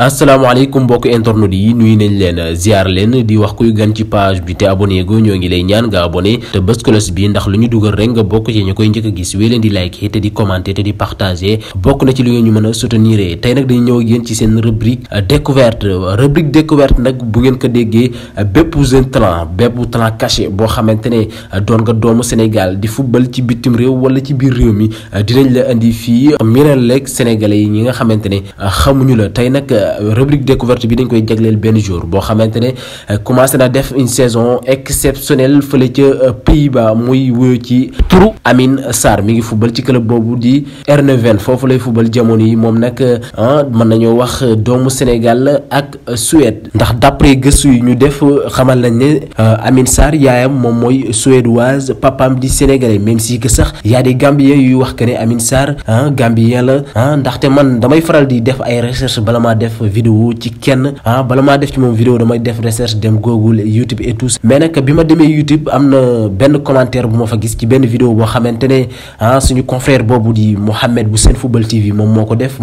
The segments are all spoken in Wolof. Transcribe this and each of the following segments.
asalaamaaleykum mbokk internet yi nuyu nañ leen ziar leen di wax kuy gan ci page bi te abonné ñoo ngi lay ñaan nga abonné te bës cloche bi ndax lu ñu dugal rek nga bokk ci ñu koy njëkk a gis wéy leen di like te di commenter te di partager bokk na ci li ngeen ñu mën a soutenir tey nag dañu ñëw ak ci seen rubrique euh, découverte rubrique découverte nag bu ngeen ko déggee euh, bépp jeune talent bépp talent caché boo xamante ne euh, doon nga doomu Sénégal di futbal ci bitim réew wala ci biir réew mi dinañ la indi fii miinal leeg sénégalais yi ñi nga xamante ne xamuñu la tey nag. Euh, rubrique découverte bi dañ koy jagleel benn jour boo xamante ne euh, commencé na def une saison exceptionnelle fële ca euh, Pays-Bas muy wóyo ci turu Amine Sarr mi ngi fubal ci club boobu di Heerenveen foofu lay fubal jamono yi moom nag ah, mën nañoo wax doomu Sénégal ak Suède ndax d'après gëstu yi ñu def xamal nañ ne Amine sar yaayam moom mooy suédoise papaam di sénégalais même si que sax a des Gambiens yuy wax que ne Amine Sarr ah, Gambien la ah, ndaxte man damay faral di def ay recherche bala maa vidéo ci kenn ah bala ma def ci mom vidéo damay def recherche dem Google YouTube et tout mais nak que ma YouTube amna bien benn commentaire bu fa gis ci benn vidéo bo à ne ah, suñu confrère boobu di Mohamed bu sen football TV mon moko def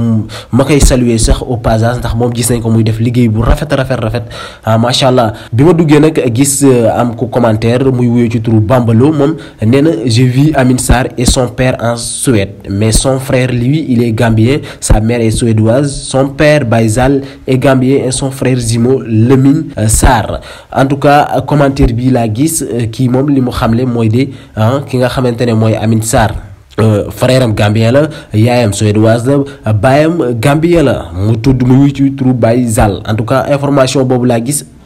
makay saluer sax au passage ndax mom gis nañ ko muy def liggéey bu rafet rafet rafet ah macha allah bi ma duggee gis euh, am ko commentaire muy wuyoo ci turu Bambalo mom néna je vis Amine sar et son père en Suède mais son frère lui il est gambien sa mère est suédoise son père by et gambier et son frère Zimo Lemine euh, Sar. en tout cas euh, commentaire bi la gis qui euh, mom li qui moy de hein, ki nga xamantene moy qui Sar. Euh, frère qui Gambien la il suédoise la Gambien la mu tudd mu qui ci qui en tout cas information Bob laa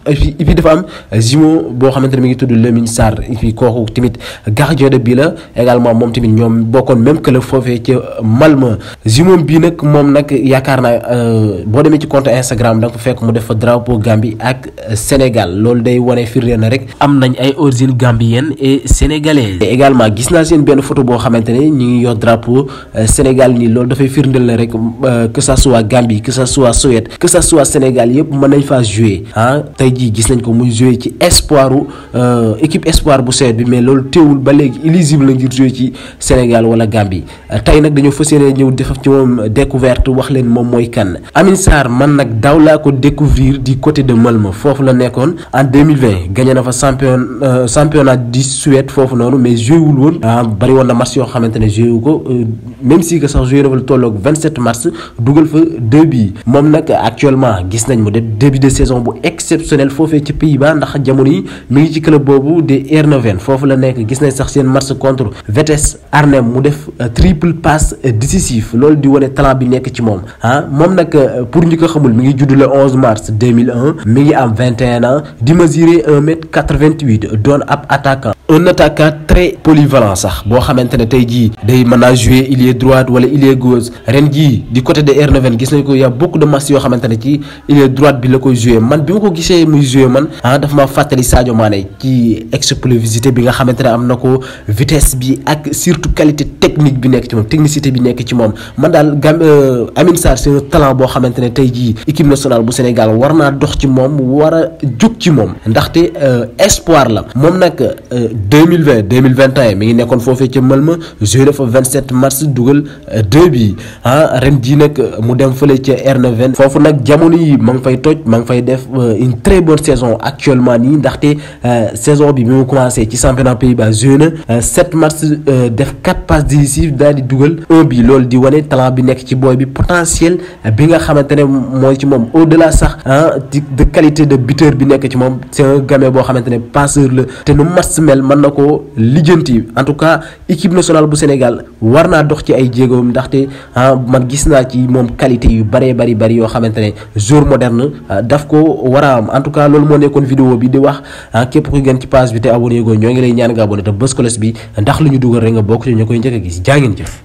et puis dafa am jumeau boo xamante ne mi ngi tudd Lamine Sarr et puis kooku tamit gardien de but la également moom tamit ñoom bokkoon même club foofee mal ma jumeau bii nag moom nag yaakaar naa euh, boo demee ci compte Instagram nag nga fekk mu def fa drapeau Gambie ak Sénégal loolu day wane firnde na rek am nañ ay origine gambienne et sénégalaise et également gis naa seen benn photo boo xamante ne ñu ngi yor drapeau euh, Sénégal nii loolu dafay firndeel na rek euh, que ça soit Gambie que ça soit Suède que ça Sénégal yëpp mën nañ faa jouer ah tey gis nañ ko muy jouer ci espoir euh équipe espoir bu seet bi mais loolu téwul ba légui éligible la ngir jouer ci Sénégal wala Gambie euh, tay nak dañu fas yéene ñëw def ci mom découverte wax leen mom moy kan Amin Sar man nak dawla ko découvrir di côté de Malmö fofu la nekkoon en 2020 gagné na fa champion euh, championnat du Suède foofu noonu mais joué wul woon ah, bari won na match yo xamante ne joué wu euh, même si que sax jouer na tolok 27 mars dugal fa deux bi mom nak actuellement gis nañ mu def début de saison bu exceptionnel dooleel foofee ci pays ba ndax jamono mi ngi ci club de r Eindhoven fofu la nek gis na sax sen match contre Vitesse Arnhem mu def euh, triple passe euh, décisif loolu di woné talent bi nek ci mom ah mom nak euh, pour ñi ko xamul mi ngi judd le 11 mars 2001 mi ngi am 21 ans di mesurer 1 mètre 88 don ap attaquant un attaquant très polyvalent sax bo xamantene tay ji dit day mën a il est droit wala est gauche ren du di côté de Eindhoven gis nañ ko ya beaucoup de matchs yo xamantene ci Il est droite bi la koy jouer man bi ko gisee muy joué man ah daf fàttali Sadio Mané ci explosivité bi nga xamante ne am na ko vitesse bi ak surtout qualité technique bi nekk ci moom technicité bi nekk ci moom man daal gam euh, Amine Sarr c'est un talent boo xamante ne tey jii équipe nationale bu Sénégal war naa dox ci moom war a jóg ci moom ndaxte euh, espoir la moom nag 2020 euh, 2021 mi ngi nekkoon foofee ca Malma joué dafa 27 mars dugal 2 bi ah ren jii nag mu dem fële ca R9 foofu nag jamono yi ma ngi fay toj ma fay def bonne saison actuellement ni ndaxte euh, saison bi bi qui commencé ci championnat Pays-Bas une 7 euh, sept matchs euh, def quatre passes décisives dans les double un bi lol di wane talent bi nek ci boy bi potentiel bi nga xamante moy ci au delà sax hein, de qualité de buteur bi qui ci mom c'est un gamin bo xamante passeur le té nu match mel man nako en tout cas équipe nationale du Sénégal warna dox ci ay djégom ndaxte ah man gis na ci qualité yu bari bari bari yo xamante jour moderne daf ko en tout kaa cas loolu moo nekkoon vidéo bi di wax ah, képp ku gën ci page bi te abonné goo ñoo ngi lay ñaan nga abonné te bës cloche bi ndax lu ñu dugal rek nga bokk ci ñu koy njëkk a gis jaa jëf